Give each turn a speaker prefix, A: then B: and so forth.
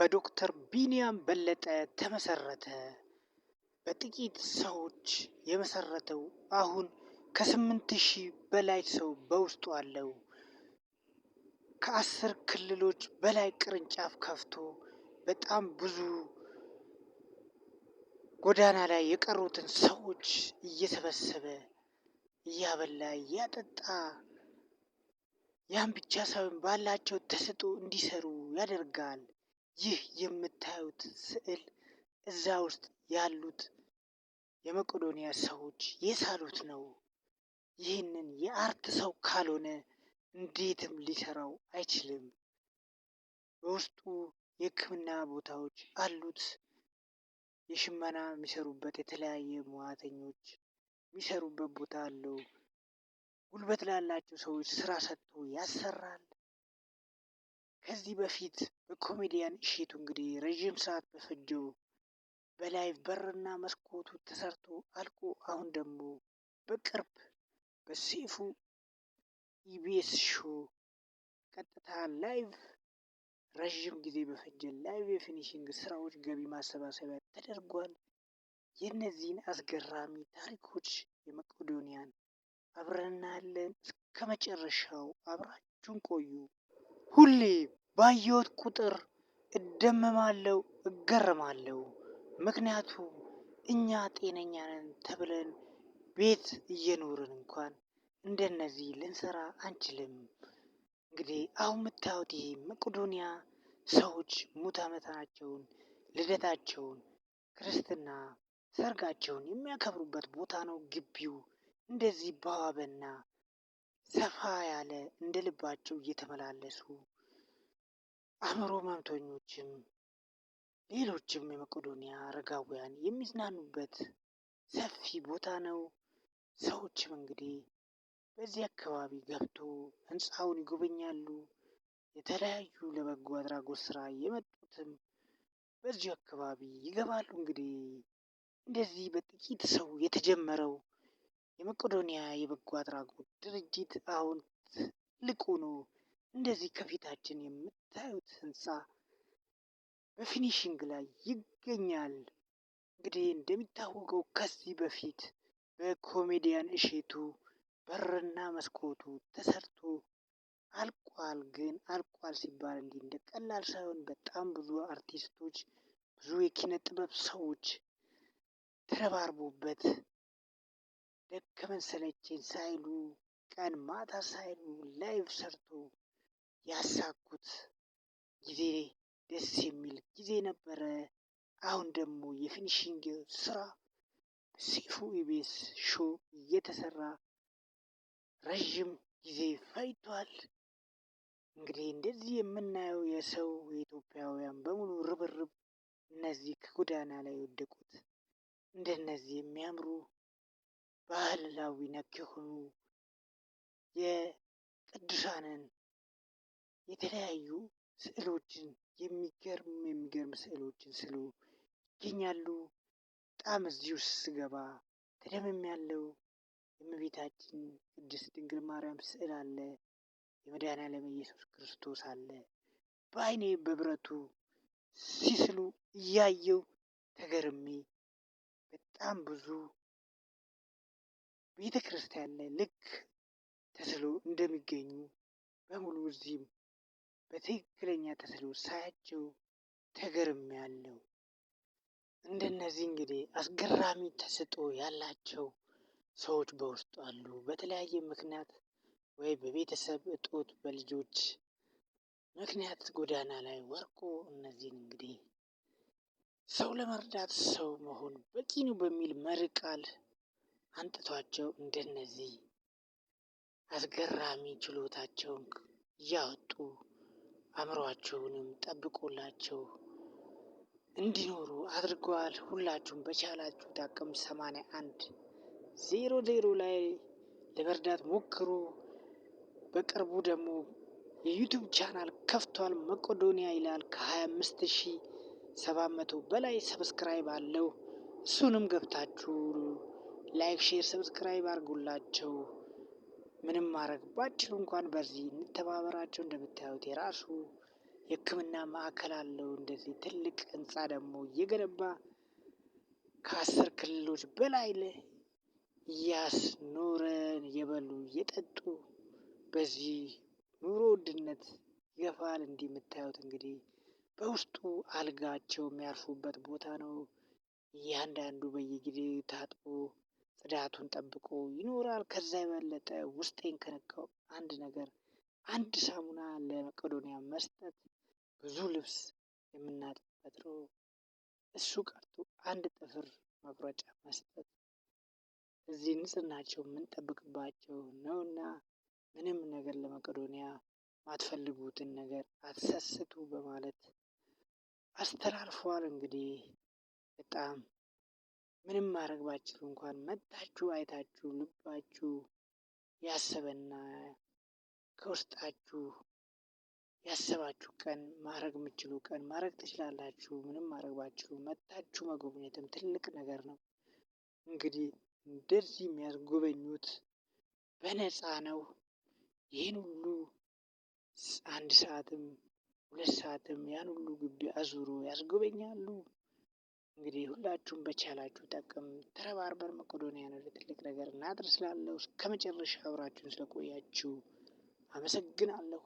A: በዶክተር ቢንያም በለጠ ተመሰረተ። በጥቂት ሰዎች የመሰረተው አሁን ከስምንት ሺህ በላይ ሰው በውስጡ አለው። ከአስር ክልሎች በላይ ቅርንጫፍ ከፍቶ በጣም ብዙ ጎዳና ላይ የቀሩትን ሰዎች እየሰበሰበ እያበላ እያጠጣ ያን ብቻ ሳይሆን ባላቸው ተሰጥኦ እንዲሰሩ ያደርጋል። ይህ የምታዩት ስዕል እዛ ውስጥ ያሉት የመቄዶንያ ሰዎች የሳሉት ነው። ይህንን የአርት ሰው ካልሆነ እንዴትም ሊሰራው አይችልም። በውስጡ የሕክምና ቦታዎች አሉት። የሽመና የሚሰሩበት የተለያየ ሙያተኞች የሚሰሩበት ቦታ አለው። ጉልበት ላላቸው ሰዎች ስራ ሰጥቶ ያሰራል። ከዚህ በፊት በኮሜዲያን እሸቱ እንግዲህ ረዥም ሰዓት በፈጀው በላይቭ በርና መስኮቱ ተሰርቶ አልቆ አሁን ደግሞ በቅርብ በሴፉ ኢቢኤስ ሾ ቀጥታ ላይቭ ረዥም ጊዜ በፈጀ ላይቭ የፊኒሽንግ ስራዎች ገቢ ማሰባሰቢያ ተደርጓል። የእነዚህን አስገራሚ ታሪኮች የመቄዶንያን አብረናያለን። እስከ መጨረሻው አብራችሁን ቆዩ። ሁሌ ባየሁት ቁጥር እደመማለሁ፣ እገረማለሁ። ምክንያቱ እኛ ጤነኛ ነን ተብለን ቤት እየኖርን እንኳን እንደነዚህ ልንሰራ አንችልም። እንግዲህ አሁን የምታዩት ይሄ መቄዶንያ ሰዎች ሙት ዓመታቸውን፣ ልደታቸውን፣ ክርስትና፣ ሰርጋቸውን የሚያከብሩበት ቦታ ነው። ግቢው እንደዚህ በዋበና ሰፋ ያለ እንደ ልባቸው እየተመላለሱ አእምሮ ህመምተኞችም ሌሎችም የመቄዶንያ አረጋውያን የሚዝናኑበት ሰፊ ቦታ ነው። ሰዎችም እንግዲህ በዚህ አካባቢ ገብቶ ህንፃውን ይጎበኛሉ። የተለያዩ ለበጎ አድራጎት ስራ የመጡትም በዚሁ አካባቢ ይገባሉ። እንግዲህ እንደዚህ በጥቂት ሰው የተጀመረው የመቄዶንያ የበጎ አድራጎት ድርጅት አሁን ትልቅ ሆኖ እንደዚህ ከፊታችን የምታዩት ህንፃ በፊኒሽንግ ላይ ይገኛል። እንግዲህ እንደሚታወቀው ከዚህ በፊት በኮሜዲያን እሸቱ በርና መስኮቱ ተሰርቶ አልቋል። ግን አልቋል ሲባል እንዲህ እንደ ቀላል ሳይሆን በጣም ብዙ አርቲስቶች፣ ብዙ የኪነ ጥበብ ሰዎች ተረባርቦበት ደከመን ሳይሉ ቀን ማታ ሳይሉ ላይቭ ሰርቶ ያሳኩት ጊዜ ደስ የሚል ጊዜ ነበረ። አሁን ደግሞ የፊኒሽንግ ስራ በሰይፉ ኢቢኤስ ሾ እየተሰራ ረዥም ጊዜ ፋይቷል። እንግዲህ እንደዚህ የምናየው የሰው የኢትዮጵያውያን በሙሉ ርብርብ እነዚህ ከጎዳና ላይ የወደቁት እንደነዚህ የሚያምሩ ባህላዊ ነክ የሆኑ የቅዱሳንን የተለያዩ ስዕሎችን የሚገርም የሚገርም ስዕሎችን ስሉ ይገኛሉ። በጣም እዚህ ውስጥ ስገባ ተደምሜያለሁ። የእመቤታችን ቅድስት ድንግል ማርያም ስዕል አለ። የመድኃኔዓለም ኢየሱስ ክርስቶስ አለ። በአይኔ በብረቱ ሲስሉ እያየው ተገርሜ በጣም ብዙ ቤተ ክርስቲያን ላይ ልክ ተስሎ እንደሚገኙ በሙሉ እዚህም በትክክለኛ ተስለው ሳያቸው ያለው እንደነዚህ እንግዲህ አስገራሚ ተስጦ ያላቸው ሰዎች በውስጡ አሉ። በተለያየ ምክንያት ወይ በቤተሰብ እጦት፣ በልጆች ምክንያት ጎዳና ላይ ወርቆ እነዚህን እንግዲህ ሰው ለመርዳት ሰው መሆን በቂ ነው በሚል መሪ ቃል አንጥቷቸው እንደነዚህ አስገራሚ ችሎታቸውን እያወጡ አእምሯቸውንም ጠብቆላቸው እንዲኖሩ አድርገዋል። ሁላችሁም በቻላችሁ ዳቅም ሰማንያ አንድ ዜሮ ዜሮ ላይ ለመርዳት ሞክሩ። በቅርቡ ደግሞ የዩቱብ ቻናል ከፍቷል። መቄዶንያ ይላል ከ25700 በላይ ሰብስክራይብ አለው። እሱንም ገብታችሁ ላይክ፣ ሼር፣ ሰብስክራይብ አድርጉላቸው። ምንም ማድረግ ባችሉ እንኳን በዚህ እንተባበራቸው። እንደምታዩት የራሱ የሕክምና ማዕከል አለው። እንደዚህ ትልቅ ህንፃ ደግሞ እየገነባ ከአስር ክልሎች በላይ እያስኖረን እየበሉ እየጠጡ በዚህ ኑሮ ውድነት ይገፋል። እንዲህ የምታዩት እንግዲህ በውስጡ አልጋቸው የሚያርፉበት ቦታ ነው። እያንዳንዱ በየጊዜው ታጥቦ ጽዳቱን ጠብቆ ይኖራል። ከዛ የበለጠ ውስጤን ከነካው አንድ ነገር አንድ ሳሙና ለመቄዶንያ መስጠት ብዙ ልብስ የምናጥብበት ነው። እሱ ቀርቶ አንድ ጥፍር መቁረጫ መስጠት እዚህ ንጽህናቸው የምንጠብቅባቸው እና ምንም ነገር ለመቄዶንያ ማትፈልጉትን ነገር አትሰስቱ በማለት አስተላልፈዋል። እንግዲህ በጣም ምንም ማድረግ ባችሉ እንኳን መጣችሁ አይታችሁ ልባችሁ ያሰበና ከውስጣችሁ ያሰባችሁ ቀን ማድረግ የምችሉ ቀን ማድረግ ትችላላችሁ። ምንም ማድረግ ባችሉ መጥታችሁ መጎብኘትም ትልቅ ነገር ነው። እንግዲህ እንደዚህ የሚያስጎበኙት በነፃ ነው። ይህን ሁሉ አንድ ሰዓትም ሁለት ሰዓትም ያን ሁሉ ግቢ አዙሩ ያስጎበኛሉ። እንግዲህ ሁላችሁም በቻላችሁ ጠቅም ተረባርበር መቄዶንያን ነው ትልቅ ነገር እናድርስ። ላለው እስከ መጨረሻ አብራችሁን ስለቆያችሁ አመሰግናለሁ።